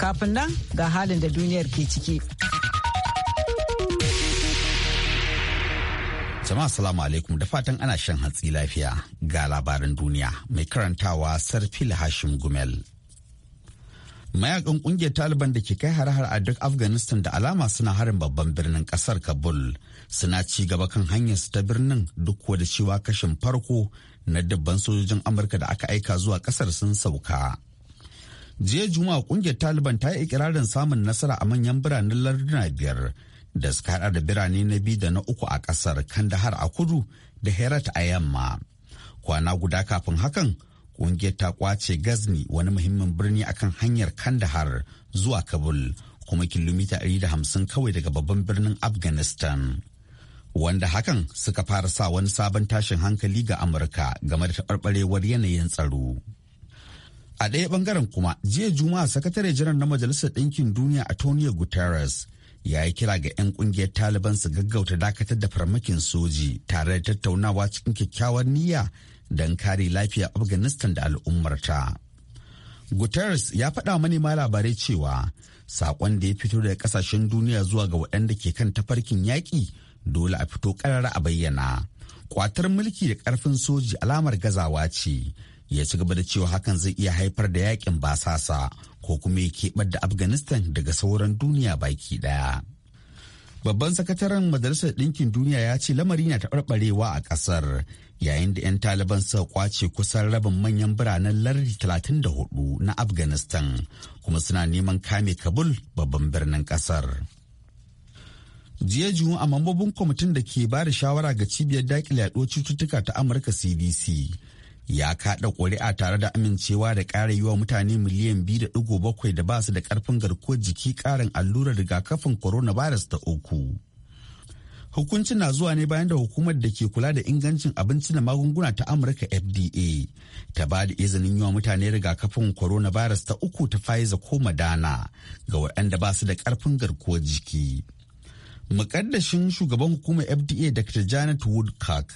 Kafin nan ga halin da duniyar ke ciki. Jama'a salamu alaikum da fatan ana shan hatsi lafiya ga labaran duniya mai karantawa Sarfil Hashim Gumel. Mayakan kungiyar Taliban da ke kai har-har a duk Afghanistan da alama suna harin babban birnin kasar Kabul suna ci gaba kan hanyar su ta birnin duk da cewa kashin farko na dubban sojojin Amurka da aka aika zuwa kasar sun sauka. jiya juma'a kungiyar taliban ta yi ikirarin samun nasara a manyan biranen larduna biyar da suka hada da birane na biyu da na uku a kasar kandahar a kudu da herat a yamma kwana guda kafin hakan kungiyar ta kwace gazni wani muhimmin birni akan hanyar kandahar zuwa kabul kuma kilomita 150 kawai daga babban birnin afghanistan wanda hakan suka fara sa wani sabon tashin hankali ga amurka game da taɓarɓarewar yanayin tsaro. a ɗaya bangaren kuma jiya juma'a sakatare janar na majalisar ɗinkin duniya a antonio guterres ya yi kira ga 'yan ƙungiyar taliban su gaggauta dakatar da farmakin soji tare da tattaunawa cikin kyakkyawar niyya don kare lafiya afghanistan da al'ummarta guterres ya faɗa manema labarai cewa saƙon da ya fito daga ƙasashen duniya zuwa ga waɗanda ke kan tafarkin yaƙi dole a fito ƙarara a bayyana kwatar mulki da ƙarfin soji alamar gazawa ce ya ci gaba da cewa hakan zai iya haifar da yakin basasa ko kuma ya keɓar da afghanistan daga sauran duniya baki daya babban sakataren majalisar ɗinkin duniya ya ce lamari na taɓarɓarewa a ƙasar yayin da 'yan taliban suka kwace kusan rabin manyan biranen lardi 34 na afghanistan kuma suna neman kame kabul babban birnin ƙasar jiya a mambobin kwamitin da ke ba da shawara ga cibiyar daƙile yaɗuwar cututtuka ta amurka cdc ya kaɗa ƙuri'a tare da amincewa da ƙara yi mutane miliyan 2.7 da ba su da ƙarfin garkuwar jiki ƙarin allurar rigakafin coronavirus ta uku. Hukuncin na zuwa ne bayan da hukumar da ke kula da ingancin abinci da magunguna ta Amurka FDA ta ba da izinin yi mutane rigakafin coronavirus ta uku ta Pfizer ko Madana ga waɗanda ba su da ƙarfin garkuwar jiki. Mukaddashin shugaban hukumar FDA Dr. Janet Woodcock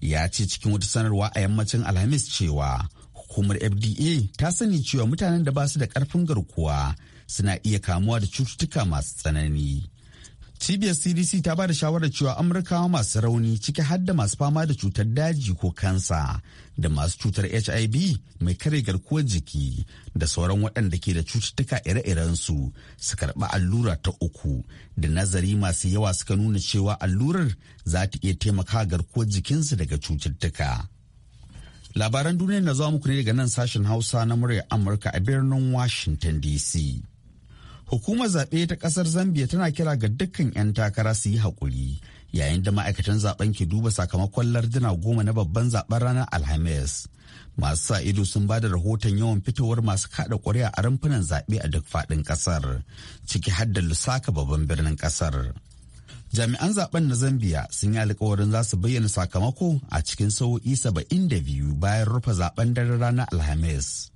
ya ce cikin wata sanarwa a yammacin alhamis cewa hukumar fda ta sani cewa mutanen da ba su da karfin garkuwa suna iya kamuwa da cututtuka masu tsanani cibiyar cdc ta bada shawarar cewa amurkawa masu rauni ciki har da masu fama da cutar daji ko kansa da masu cutar hiv mai kare garkuwar jiki da sauran waɗanda ke da cututtuka ire iren su su karɓi allura ta uku da nazari masu yawa suka nuna cewa allurar za ta iya taimaka garkuwar jikinsu daga cututtuka labaran duniya na zuwa muku ne daga nan sashen hausa na muryar amurka a birnin washington dc hukumar zaɓe ta ƙasar zambia tana kira ga dukkan 'yan takara su yi haƙuri yayin da ma'aikatan zaben ke duba sakamakon larduna goma na babban zaben ranar alhamis masu sa ido sun ba da rahoton yawan fitowar masu kaɗa ƙuri'a a rumfunan zaɓe a duk faɗin ƙasar ciki har da lusaka babban birnin ƙasar jami'an zaben na zambia sun yi alkawarin za su bayyana sakamako a cikin sa'o'i saba'in da biyu bayan rufe zaben daren ranar alhamis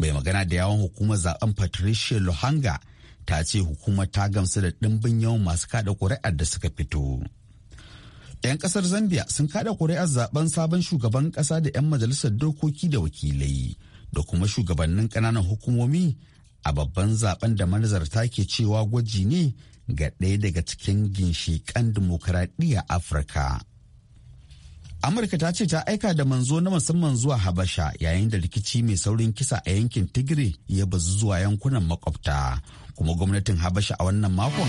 mai magana da yawon hukumar zaben patricia luhanga ta ce hukumar ta gamsu da ɗimbin yawan masu kada ƙuri'ar da suka fito. 'Yan ƙasar Zambia sun kada ƙuri'ar zaben sabon shugaban ƙasa da 'yan majalisar dokoki da wakilai da kuma shugabannin ƙananan hukumomi a babban zaben da manazarta ke cewa gwaji ne ga ɗaya daga cikin ginshiƙan dimokuraɗiyya Afirka. amurka ta ce ta aika da manzo na musamman zuwa habasha yayin da rikici mai saurin kisa a yankin tigray ya bazu zuwa yankunan makwabta kuma gwamnatin habasha a wannan makon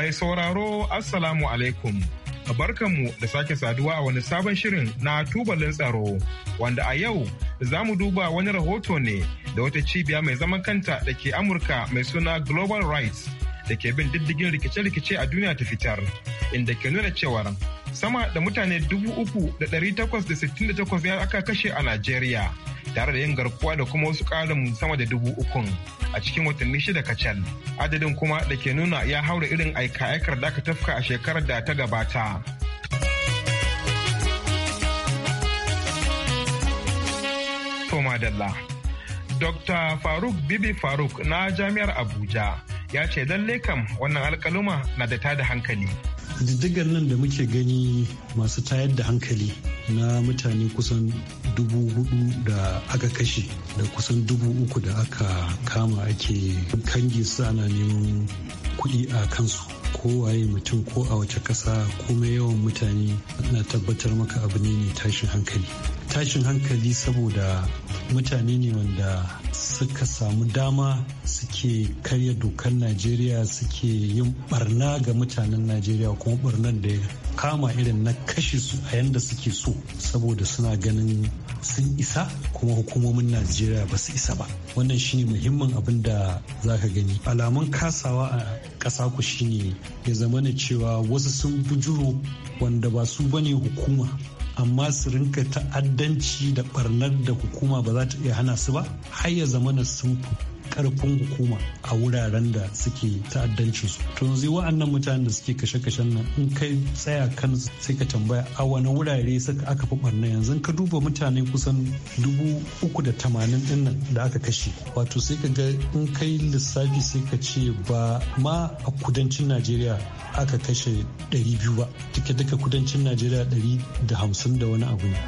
Mai sauraro Assalamu alaikum. Barkanmu da sake saduwa a wani sabon shirin na tubalin tsaro wanda a yau za mu duba wani rahoto ne da wata cibiya mai zaman kanta da ke Amurka mai suna Global Rights da ke bin diddigin rikice-rikice a duniya ta fitar inda ke nuna cewar sama da mutane 3,868 ne aka kashe a Najeriya. tare da yin garkuwa da kuma wasu ƙarin sama da dubu ukun a cikin watanni shida kacal adadin kuma da ke nuna ya haura irin aika-aikar da aka tafka a shekarar da ta gabata Dr. Faruk Bibi Faruk na Jami'ar Abuja ya ce lalle kam wannan alkaluma na da tada hankali. Diddigar nan da muke gani masu tayar da hankali na mutane kusan dubu hudu da aka kashe da kusan dubu uku da aka kama ake kangi su ana neman kuɗi a kansu ko waye mutum ko a wace ƙasa mai yawan mutane na tabbatar maka abu ne mai tashin hankali tashin hankali saboda mutane ne wanda suka samu dama suke karya dokar najeriya suke yin barna ga mutanen najeriya kuma barnan da ya kama irin na kashe su a yanda suke so saboda suna ganin sun isa kuma hukumomin najeriya ba su isa ba wannan shine muhimmin abin da za ka gani alamun kasawa a ƙasa ku shine ya zamana cewa wasu sun bujuro wanda ba su bane hukuma amma su rinka ta'addanci da barnar da hukuma ba za ta iya hana su ba har ya zamana sun karfin hukuma a wuraren da suke ta'addancin su to yanzu wa'annan mutanen da suke kashe-kashen nan in kai tsaya kan sai ka tambaya a wani wurare suka aka fi barna yanzu ka duba mutane kusan dubu uku da tamanin din nan da aka kashe wato sai ka ga in kai lissafi sai ka ce ba ma a kudancin najeriya aka kashe ɗari biyu ba duka duka kudancin najeriya ɗari da hamsin da wani abu ne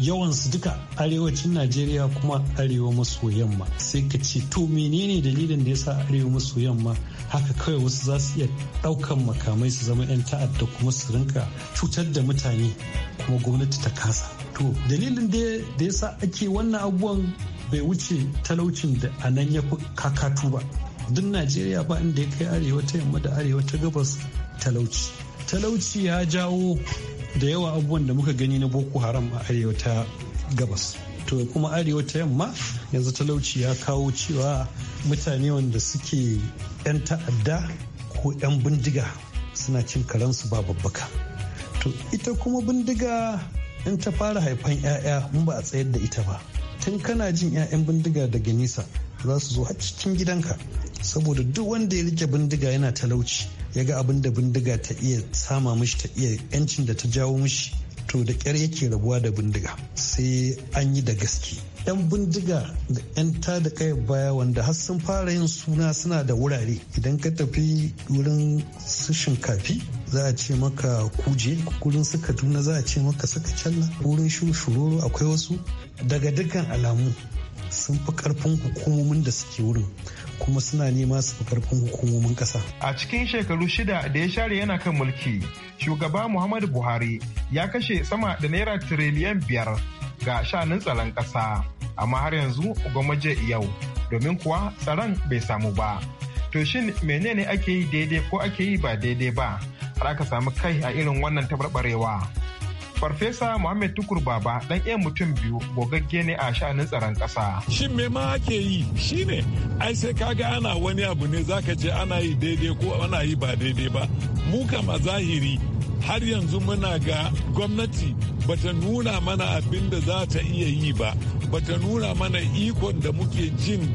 yawansu duka arewacin najeriya kuma arewa maso yamma sai ka ce to me menene dalilin da yasa sa arewa maso yamma haka kawai wasu za su iya ɗaukan makamai su zama 'yan ta'adda kuma su rinka cutar da mutane kuma gwamnati ta kasa to dalilin da ya sa ake wannan abubuwan bai wuce talaucin da a nan ya fi kakatu ba duk najeriya ba inda ya kai arewa ta yamma da arewa ta gabas talauci talauci ya jawo da yawa abubuwan da muka gani na boko haram a arewa ta gabas to kuma arewa ta yamma yanzu talauci ya kawo cewa mutane wanda suke 'yan ta'adda ko 'yan bindiga suna cin karansu ba babbaka to ita kuma bindiga in ta fara haifan 'ya'ya mun ba a tsayar da ita ba tun kana jin 'ya'yan bindiga daga nisa za su zo har cikin gidanka saboda duk wanda ya rike bindiga yana talauci ya ga abin da bindiga ta iya sama mishi ta iya yancin da ta jawo mishi to da ƙyar yake rabuwa da bindiga sai an yi da gaske yan bindiga da yan ta da kayan baya wanda har sun fara yin suna suna da wurare idan ka tafi wurin su shinkafi za a ce maka kuje kukurin su kaduna za a ce maka saka challa wurin shuroro akwai wasu daga dukkan alamu sun fi karfin hukumomin da suke wurin kuma suna nema su fi karfin hukumomin ƙasa. A cikin shekaru shida da ya share yana kan mulki, shugaba Muhammadu Buhari ya kashe sama da naira tiriliyan biyar ga shanin tsaron ƙasa, amma har yanzu gwamnati yau, domin kuwa tsaron bai samu ba. To shin menene ake yi daidai ko ake yi ba daidai ba? Har aka samu kai a irin wannan tabarbarewa. Farfesa Muhammad Tukur Baba dan iya mutum biyu gogagge ne a sha'anin tsaron ƙasa. Shin me ma ake yi shine ai sai kaga ana wani abu ne zaka ce ana yi daidai ko ana yi ba daidai ba. Mu kama zahiri har yanzu muna ga gwamnati bata nuna mana abin da za ta iya yi ba bata nuna mana ikon da muke jin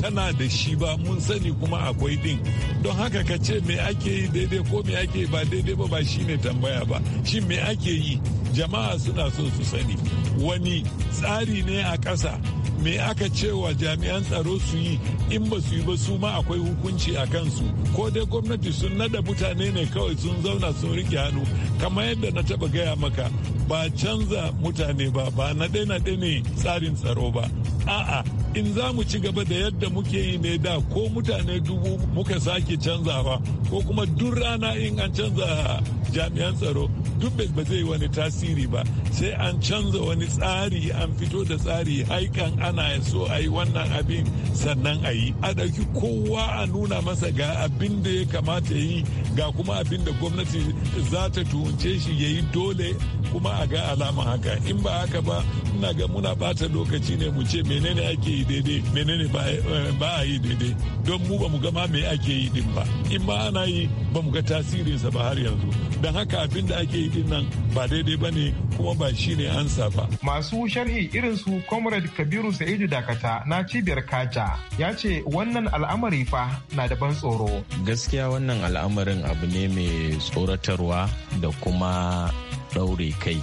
tana da shi ba mun sani kuma akwai din don haka ka ce me ake yi daidai ko me ake yi ba daidai ba ba shine tambaya ba shi me ake yi jama'a suna so su sani wani tsari ne a ƙasa me aka cewa jami'an tsaro su yi in ba su yi ba su ma akwai hukunci a kansu ko dai gwamnati sun nada mutane ne kawai sun zauna sun rike hannu kamar yadda na taba gaya maka ba canza mutane ba ba na ne tsarin tsaro ba a'a in za mu ci gaba da yadda muke yi ne da ko mutane dubu muka sake canzawa ko kuma duk rana in an canza jami'an tsaro duk ba zai wani tasiri ba sai an canza wani tsari an fito da tsari haikan ana so a yi wannan abin sannan a yi a ɗauki kowa a nuna masa ga abin da ya kamata yi ga kuma abin da gwamnati za ta tuhunce shi ya yi dole kuma a ga alama haka in ba haka ba ina ga muna bata lokaci ne mu ce menene ake yi daidai menene eh, ba a yi daidai don mu ba mu gama me ake yi din ba in ma ana yi ba mu ga tasirinsa ba har yanzu don haka abin da ake nan ba daidai ba ne kuma ba shi ne ansa ba. Masu sharhi irin su Comrade Kabiru Sa'idu Dakata na cibiyar Kaja ya ce wannan al'amari fa na da ban tsoro. Gaskiya wannan al'amarin abu ne mai tsoratarwa da kuma ɗaure kai.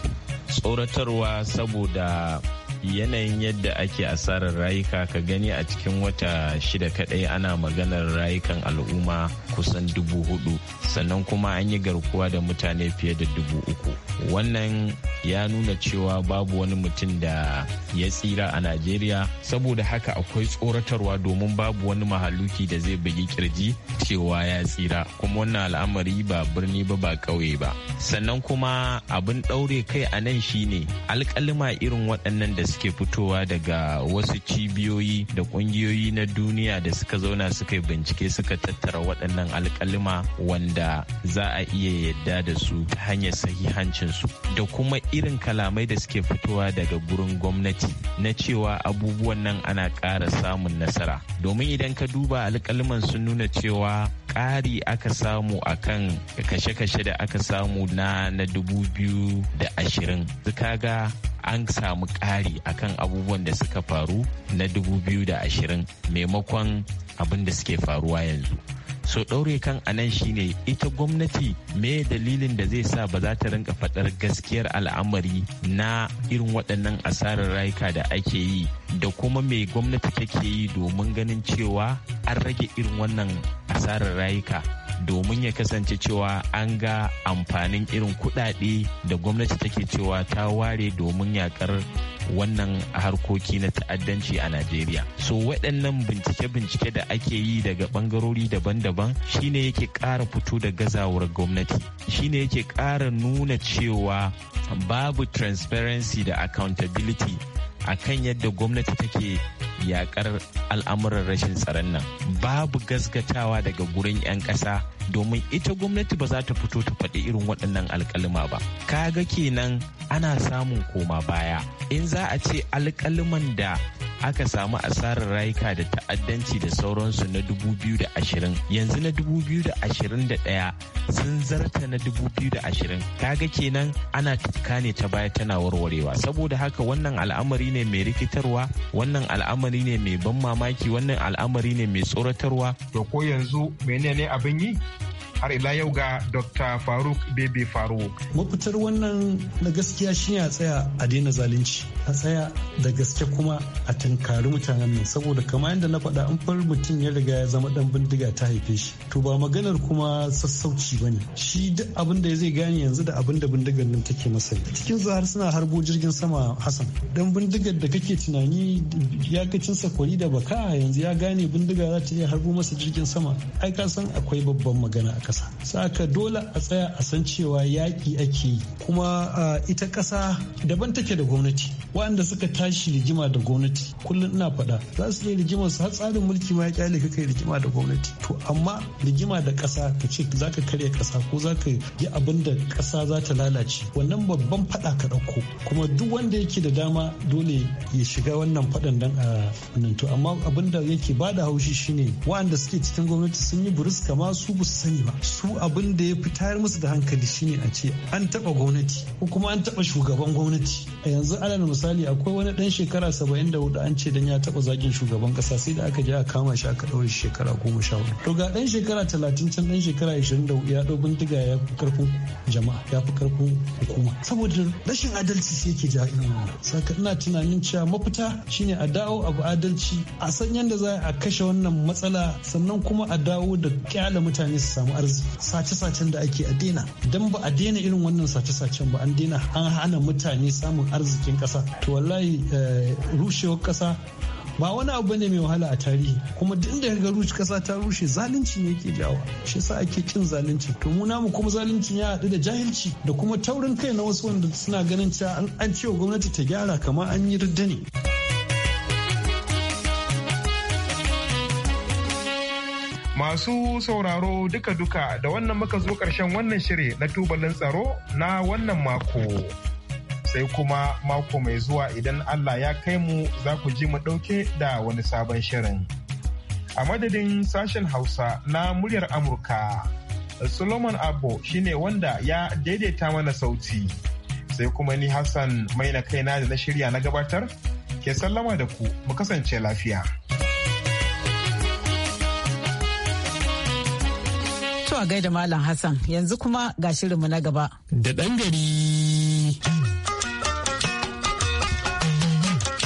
Tsoratarwa saboda yanayin yadda ake asarar rayuka ka gani a cikin wata shida kadai ana maganar rayukan al'umma kusan dubu hudu sannan kuma an yi garkuwa da mutane fiye da dubu uku wannan ya nuna cewa babu wani mutum da ya tsira a najeriya saboda haka akwai tsoratarwa domin babu wani mahaluki da zai bugi kirji cewa ya tsira kuma wannan al'amari ba birni ba ba ƙauye ba sannan kuma abin ɗaure kai a nan shine alƙalima irin waɗannan da suke fitowa daga wasu cibiyoyi da kungiyoyi na duniya da suka zauna suka yi bincike suka tattara waɗannan alkalima wanda za a iya yadda da su ta hanyar sahihancinsu da kuma irin kalamai da suke fitowa daga gurin gwamnati na cewa abubuwan nan ana ƙara samun nasara domin idan ka duba alkaliman sun nuna cewa ƙari aka samu akan kashe-kashe da aka samu na na dubu biyu da ashirin ga an samu ƙari akan abubuwan da suka faru na 2020 maimakon abin da suke faruwa yanzu so ɗaure kan anan shine ita gwamnati me dalilin da zai sa ba za ta rinka faɗar gaskiyar al'amari na irin waɗannan asarar rayuka da ake yi da kuma me gwamnati take yi domin ganin cewa an rage irin wannan asarar rayuka domin ya kasance cewa an ga amfanin irin kuɗaɗe da gwamnati take cewa ta ware domin yakar wannan harkoki na ta'addanci a Najeriya. So waɗannan bincike-bincike da ake yi daga ɓangarori daban-daban shine yake ƙara fito da gazawar gwamnati. Shine yake ƙara nuna cewa babu transparency da accountability a kan yadda gwamnati take yakar al'amuran rashin tsaron nan babu gaskatawa daga gurin 'yan ƙasa domin ita gwamnati ba za ta fito ta faɗi irin waɗannan alƙalima ba kaga kenan ana samun koma baya in za a ce alƙaliman da aka samu asarar rayuka da ta'addanci da sauransu na 2020 yanzu na 2021 sun zarta na 2020 kaga kenan ana tuka ne ta baya tana warwarewa saboda haka wannan al'amari ne mai rikitarwa wannan al'amari ne mai ban mamaki wannan al'amari ne mai tsoratarwa to ko yanzu menene abin yi har ila yau ga Dr. Faruk Bebe Faruk. Mafitar wannan na gaskiya shi a tsaya a daina zalunci. A tsaya da gaske kuma a tankari mutanen nan saboda kamar yadda na faɗa an far mutum ya riga ya zama dan bindiga ta haife shi. To ba maganar kuma sassauci bane. Shi duk abin da zai gane yanzu da abin da bindigar nan take masa. Cikin zuwa suna harbo jirgin sama Hassan. Dan bindigar da kake tunani ya kacin sakwari da baka yanzu ya gane bindiga za ta iya harbo masa jirgin sama. Ai ka san akwai babban magana a kasa saka dole a tsaya a san cewa yaƙi ake yi kuma ita kasa daban take da gwamnati waɗanda suka tashi rigima da gwamnati kullum ina faɗa za su iya rigimar su tsarin mulki ma ya kyale ka kai rigima da gwamnati to amma rigima da ƙasa ka ce za ka karya kasa ko za ka yi abin da ƙasa za ta lalace wannan babban faɗa ka ɗauko kuma duk wanda yake da dama dole ya shiga wannan faɗan dan a nan to amma abin da yake bada haushi shine waɗanda suke cikin gwamnati sun yi buruska ma su ba sani ba su abin da ya fi tayar musu da hankali shine a ce an taba gwamnati ko kuma an taba shugaban gwamnati a yanzu alal misali akwai wani dan shekara 74 an ce dan ya taba zagin shugaban kasa sai da aka je aka kama shi aka daure shekara 14 to ga dan shekara 30 can dan shekara 24 ya dau bindiga ya fi karfin jama'a ya fi karfin hukuma saboda rashin adalci sai yake ja Ina wani. saka ina tunanin cewa mafita shine a dawo abu adalci a san yadda za a kashe wannan matsala sannan kuma a dawo da kyala mutane su samu arziki sace-sacen da ake a daina idan ba a daina irin wannan sace-sacen ba an daina an hana mutane samun arzikin kasa to wallahi eh, rushewar kasa ba wani abu ne mai wahala a tarihi kuma duk da ga rushe kasa ta rushe zalunci ne ke jawo shi yasa ake kin zalunci to mu namu kuma zaluncin ya haɗu da jahilci da kuma taurin kai na wasu wanda suna ganin cewa an ce wa gwamnati ta gyara kamar an yi ridda ne. Masu sauraro duka-duka da wannan muka zo ƙarshen wannan shiri na tubalin tsaro na wannan mako. Sai kuma mako mai zuwa idan Allah ya kai mu za ku ji mu ɗauke da wani sabon shirin. A madadin sashen Hausa na muryar Amurka, Solomon Abbo shine wanda ya daidaita mana sauti. Sai kuma ni Hassan mai na kaina da na shirya na gabatar, ke sallama da ku mu kasance lafiya. a gaida Malam Hassan yanzu kuma ga shirinmu na gaba. Da ɗan gari.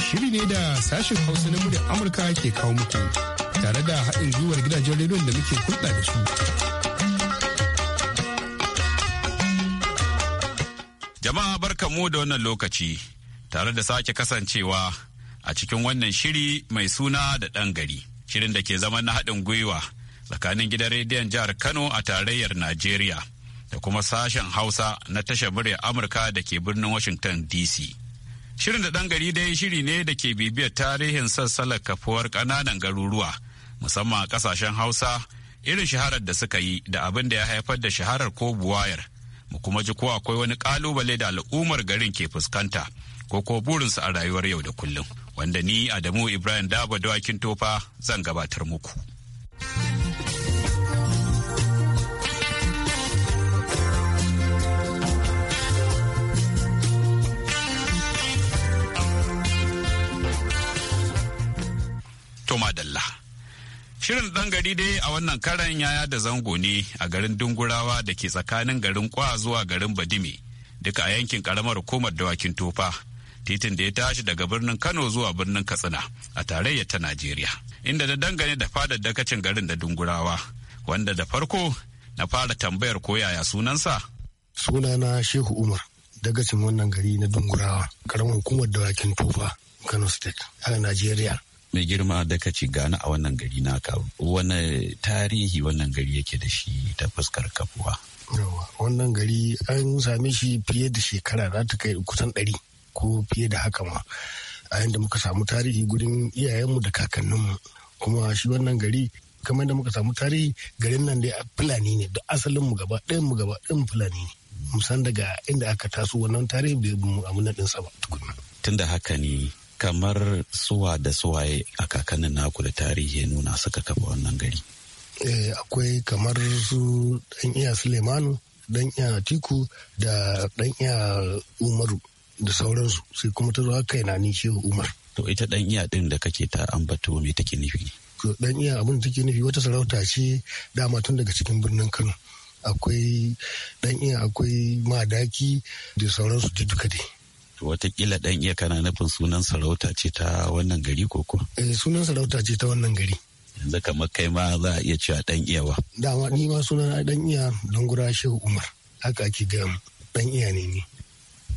Shiri ne da sashen Hausa na muryar Amurka ke kawo muku tare da haɗin gwiwar gidajen rediyon da muke kulɗa da su. Jama'a barkamu da wannan lokaci tare da sake kasancewa a cikin wannan shiri mai suna da ɗan gari. Shirin da ke zama na haɗin gwiwa tsakanin gidan rediyon jihar Kano a tarayyar Najeriya da kuma sashen Hausa na tashar murya Amurka da ke birnin Washington DC. Shirin da ɗan gari dai shiri ne da ke bibiyar tarihin sassalar kafuwar ƙananan garuruwa musamman a ƙasashen Hausa irin shaharar da suka yi da abin da ya haifar da shaharar ko buwayar mu kuma ji ko akwai wani ƙalubale da al'ummar garin ke fuskanta ko ko burinsu a rayuwar yau da kullum wanda ni Adamu Ibrahim Dabo Dawakin Tofa zan gabatar muku. tomadalla Shirin ɗan gari dai a wannan karan yaya da zango ne a garin Dungurawa da ke tsakanin garin Kwa zuwa garin Badime, duka a yankin ƙaramar hukumar dawakin tofa. Titin da ya tashi daga birnin Kano zuwa birnin Katsina a tarayyar ta Najeriya, inda da dangane da fadar dakacin garin da Dungurawa, wanda da farko na fara tambayar koyaya yaya sunansa. Sunana Shehu Umar, dagacin wannan gari na Dungurawa, ƙaramar hukumar dawakin tofa, Kano State, a Najeriya. mai girma daga ci gani a wannan gari naka wani tarihi wannan gari yake da shi ta fuskar kafuwa wannan gari an same shi fiye da shekara za ta kai kusan ɗari ko fiye da haka ma a yadda muka samu tarihi gudun iyayenmu da kakanninmu kuma shi wannan gari kamar da muka samu tarihi garin nan a fulani ne da asalin mu gaba ɗayan mu gaba ɗayan fulani ne musan daga inda aka taso wannan tarihi bai mu amina ɗinsa ba tukuna. tunda haka ne kamar suwa da suwaye a kakannin naku da tarihi nuna suka kafa wannan gari eh, akwai kamar su ɗan iya sulemanu ɗan iya tiku da ɗan iya umaru da sauransu sai kuma ta zo haka yana ni umar to ita ɗan iya ɗin da kake ta ambato me take nufi Ɗan iya abin da take nufi wata sarauta ce dama tun daga cikin birnin kano akwai ɗan iya akwai madaki da sauransu duka dai watakila dan iya kana nufin sunan sarauta ce ta wannan gari koko? Eh sunan sarauta ce ta wannan gari. Yanzu kamar kai ma za a iya cewa dan iya wa. Dama ni ma sunan dan iya don gura Shehu Umar haka ake ga dan iya ne ni.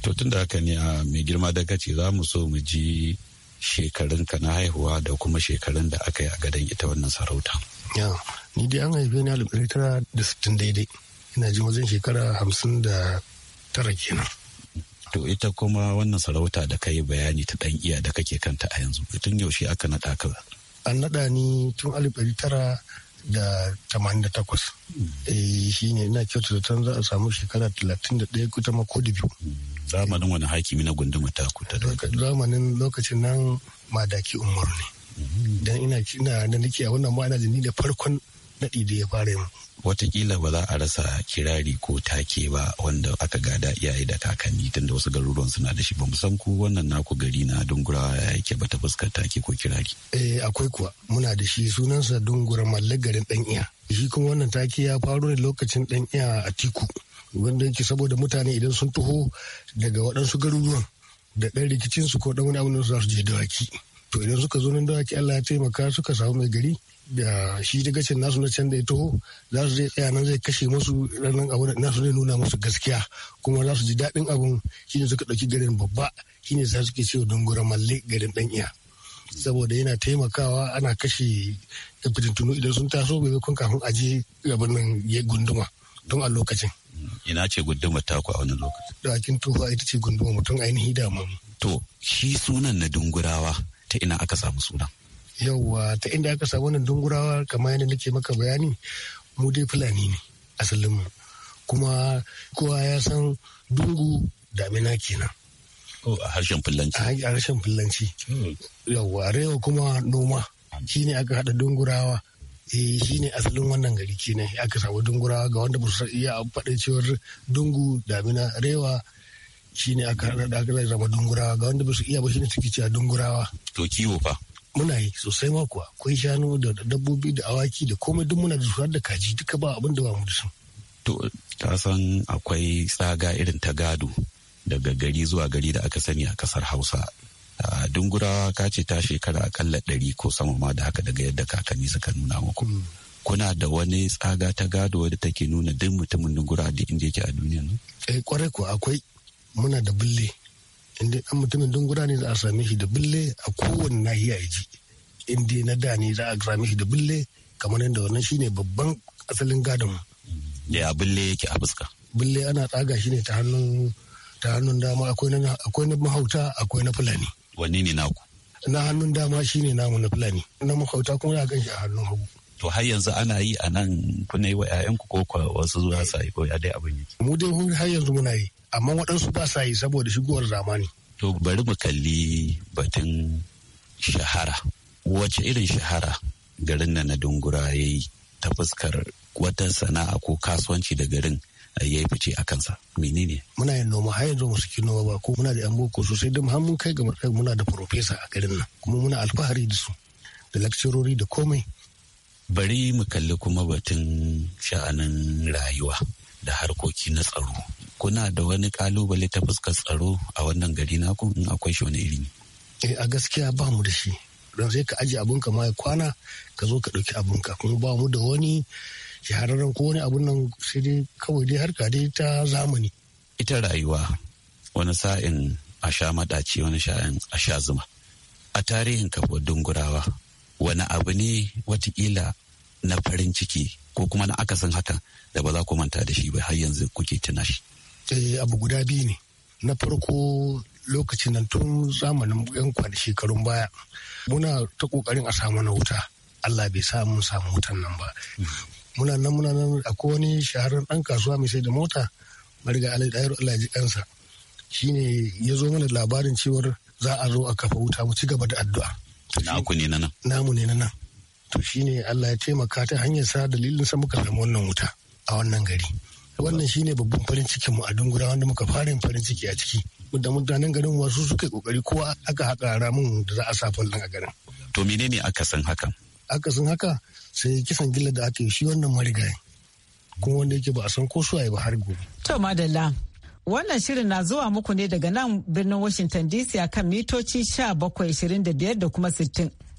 To tun da haka ne a mai girma daga ce za mu so mu ji shekarun ka na haihuwa da kuma shekarun da aka yi a gadon ita wannan sarauta. Ya, ni dai an haife ni alif tara da sittin daidai. Ina jin wajen shekara hamsin da tara kenan. To ita kuma wannan sarauta da kai bayani ta ɗan iya da kake kanta a yanzu tun yaushe aka naɗa ka? An naɗa ni tun alif ɗari tara da tamanin da takwas. Hmm. Eh, shi ne ina kyautu zaton za a samu shekara talatin da ɗaya kuta mako da biyu. Hmm. Zamanin wani hakimi na gunduma ta kuta da Zamanin lokacin nan madaki umaru ne. Hmm. Dan ina da nake a wannan ma'ana da ni da farkon daɗi da ya fara yin. Watakila ba za a rasa kirari ko take ba wanda aka gada iyaye da kakanni tunda wasu garuruwan suna da shi ba san ku wannan naku gari na dungurawa ya yake bata fuskar take ko kirari. Eh akwai kuwa muna da shi sunansa dungura mallar garin ɗan iya. Shi kuma wannan take ya faru ne lokacin ɗan iya a tiku. Wanda yake saboda mutane idan sun taho daga waɗansu garuruwan da ɗan rikicinsu ko ɗan wani abin su za su je dawaki. To idan suka zo nan dawaki Allah ya taimaka suka samu mai gari da shi dagacin nasu na can da ya taho za su zai tsaya nan zai kashe musu ranar abu da nasu zai nuna musu gaskiya kuma za su ji daɗin abun shine suka ɗauki garin babba shine za su ke cewa dungura malle garin ɗan iya saboda yana taimakawa ana kashe fitintunu idan sun taso bai kun kafin je gaban nan ya gunduma don a lokacin. Ina ce gunduma taku a wani lokacin. Da akin tuhu ita ce gunduma mutum ainihi mamu. To shi sunan na dungurawa ta ina aka samu sunan. yauwa ta inda aka samu wannan dungurawa kamar yadda nake maka bayani mu dai fulani ne asalin mu kuma kowa ya san dungu damina kenan a harshen fulanci a harshen fulanci hmm. yauwa rewa kuma noma shine aka hada dungurawa eh shine asalin wannan gari kenan aka samu dungurawa ga wanda ba su iya faɗa cewar dungu damina rewa shine aka hada da aka zama dungurawa ga wanda ba su iya ba shi ne suke cewa dungurawa to kiwo fa muna yi sosai ma kuwa akwai shanu da dabbobi da awaki da komai duk muna da su da kaji duka ba abin da ba mu da su. To ta san akwai tsaga irin ta gado daga gari zuwa gari da aka sani a kasar Hausa. Dungura ka ce ta shekara akalla ɗari ko sama ma da haka daga yadda kakanni suka nuna muku. Hmm. Kuna da wani tsaga ta gado wadda take nuna duk mutumin dungura da inda yake a duniya ne? Eh, kwarai kuwa akwai muna da bulle inda dan mutumin dungura ne za a same shi da bulle a kowane nahiya ya ji inda na da ne za a same shi da bulle kamar yadda wannan shine babban asalin gadon da bulle yake a fuska bille ana tsaga shi ne ta hannun ta hannun dama akwai na mahauta akwai na fulani wanne ne naku na hannun dama shine namu na fulani na mahauta kuma za a ganshi a hannun hagu to har yanzu ana yi a nan kuna yi wa 'ya'yanku ko wasu zuwa sa yi ko ya dai abin yi mu dai har yanzu muna yi amma waɗansu ba sa yi saboda shigowar zamani. To bari mu kalli batun shahara. Wace irin shahara garin na na dungura ya yi ta fuskar wata sana'a ko kasuwanci da garin eh, ya yi fice a kansa menene muna yin noma har yanzu musu kin noma ba ko muna da yan boko sosai don har mun kai ga muna da profesa a garin nan kuma muna alfahari da su da lakcirori da komai bari mu kalli kuma batun sha'anin rayuwa da harkoki na tsaro kuna da wani kalubale ta fuskar tsaro a wannan gari naku in akwai shi wani iri eh, a gaskiya ba mu da shi don sai ka ajiye abun ma ya kwana ka zo ka ɗauki abun ka kuma ba mu da wani shahararren ko wani abun nan sai dai kawai dai harka dai ta zamani ita rayuwa wani sa'in a sha maɗaci wani sha'in a sha zuma a tarihin kafa dungurawa wani abu ne watakila na farin ciki ko kuma na akasin hakan da ba za ku manta da shi ba har yanzu kuke tuna shi. abu guda biyu ne na farko lokacin nan tun zamanin yan kwana shekarun baya muna ta kokarin a samu na wuta allah bai sa mun samu wutan nan ba muna nan muna nan akwai wani shaharar dan kasuwa mai sai da mota mariga alai allah ji kansa shine ya zo mana labarin cewar za a zo a kafa wuta mu ci gaba da addu'a naku ne na nan namu ne na nan to shine allah ya taimaka ta hanyar sa dalilin sa muka samu wannan wuta a wannan gari wannan shine babban farin cikin mu a dungura wanda muka fara farin ciki a ciki da mutanen garin wasu suka kokari kowa aka haka ramin da za a sa fallon a garin to menene aka san haka aka san haka sai kisan gilla da aka yi shi wannan marigayi kuma wanda yake ba a san ko su ba har gobe to madalla Wannan shirin na zuwa muku ne daga nan birnin Washington DC a kan mitoci 1725 da kuma sittin.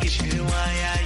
kishirwa yayi